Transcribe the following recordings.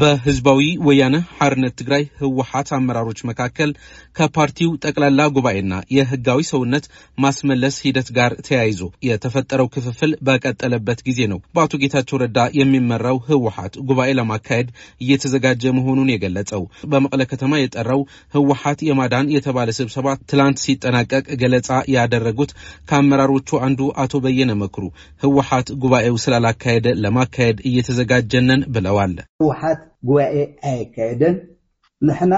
በህዝባዊ ወያነ ሐርነት ትግራይ ህወሓት አመራሮች መካከል ከፓርቲው ጠቅላላ ጉባኤና የህጋዊ ሰውነት ማስመለስ ሂደት ጋር ተያይዞ የተፈጠረው ክፍፍል በቀጠለበት ጊዜ ነው በአቶ ጌታቸው ረዳ የሚመራው ህወሓት ጉባኤ ለማካሄድ እየተዘጋጀ መሆኑን የገለጸው። በመቀለ ከተማ የጠራው ህወሓት የማዳን የተባለ ስብሰባ ትላንት ሲጠናቀቅ ገለጻ ያደረጉት ከአመራሮቹ አንዱ አቶ በየነ መክሩ ህወሓት ጉባኤው ስላላካሄደ ለማካሄድ እየተዘጋጀነን ብለዋል። ጉባኤ አይካሄደን ንሕና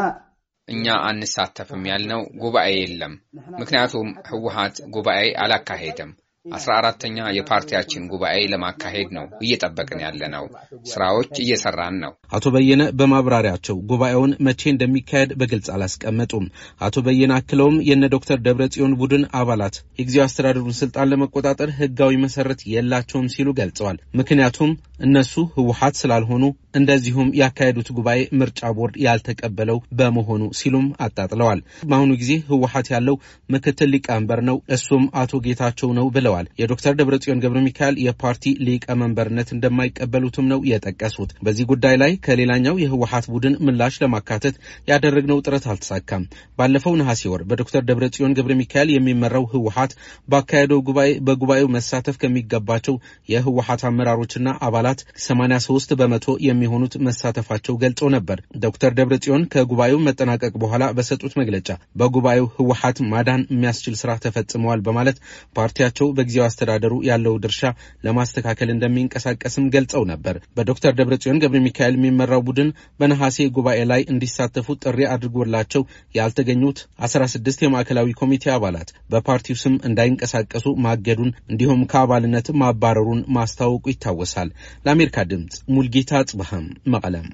እኛ አንሳተፍም ያልነው ጉባኤ የለም። ምክንያቱም ህወሀት ጉባኤ አላካሄድም አስራ አራተኛ የፓርቲያችን ጉባኤ ለማካሄድ ነው እየጠበቅን ያለ ነው። ስራዎች እየሰራን ነው። አቶ በየነ በማብራሪያቸው ጉባኤውን መቼ እንደሚካሄድ በግልጽ አላስቀመጡም። አቶ በየነ አክለውም የነ ዶክተር ደብረጽዮን ቡድን አባላት የጊዜው አስተዳደሩን ስልጣን ለመቆጣጠር ህጋዊ መሰረት የላቸውም ሲሉ ገልጸዋል። ምክንያቱም እነሱ ህወሀት ስላልሆኑ እንደዚሁም ያካሄዱት ጉባኤ ምርጫ ቦርድ ያልተቀበለው በመሆኑ ሲሉም አጣጥለዋል። በአሁኑ ጊዜ ህወሀት ያለው ምክትል ሊቀመንበር ነው፣ እሱም አቶ ጌታቸው ነው ብለዋል። የዶክተር ደብረጽዮን ገብረ ሚካኤል የፓርቲ ሊቀመንበርነት እንደማይቀበሉትም ነው የጠቀሱት። በዚህ ጉዳይ ላይ ከሌላኛው የህወሀት ቡድን ምላሽ ለማካተት ያደረግነው ጥረት አልተሳካም። ባለፈው ነሐሴ ወር በዶክተር ደብረጽዮን ገብረ ሚካኤል የሚመራው ህወሀት ባካሄደው ጉባኤ በጉባኤው መሳተፍ ከሚገባቸው የህወሀት አመራሮችና አባላት አባላት 83 በመቶ የሚሆኑት መሳተፋቸው ገልጾ ነበር። ዶክተር ደብረጽዮን ከጉባኤው መጠናቀቅ በኋላ በሰጡት መግለጫ በጉባኤው ህወሀት ማዳን የሚያስችል ስራ ተፈጽመዋል በማለት ፓርቲያቸው በጊዜው አስተዳደሩ ያለው ድርሻ ለማስተካከል እንደሚንቀሳቀስም ገልጸው ነበር። በዶክተር ደብረጽዮን ገብረ ሚካኤል የሚመራው ቡድን በነሐሴ ጉባኤ ላይ እንዲሳተፉ ጥሪ አድርጎላቸው ያልተገኙት 16 የማዕከላዊ ኮሚቴ አባላት በፓርቲው ስም እንዳይንቀሳቀሱ ማገዱን እንዲሁም ከአባልነት ማባረሩን ማስታወቁ ይታወሳል። ለአሜሪካ ድምፅ ሙልጌታ ጽብሃም መቐለም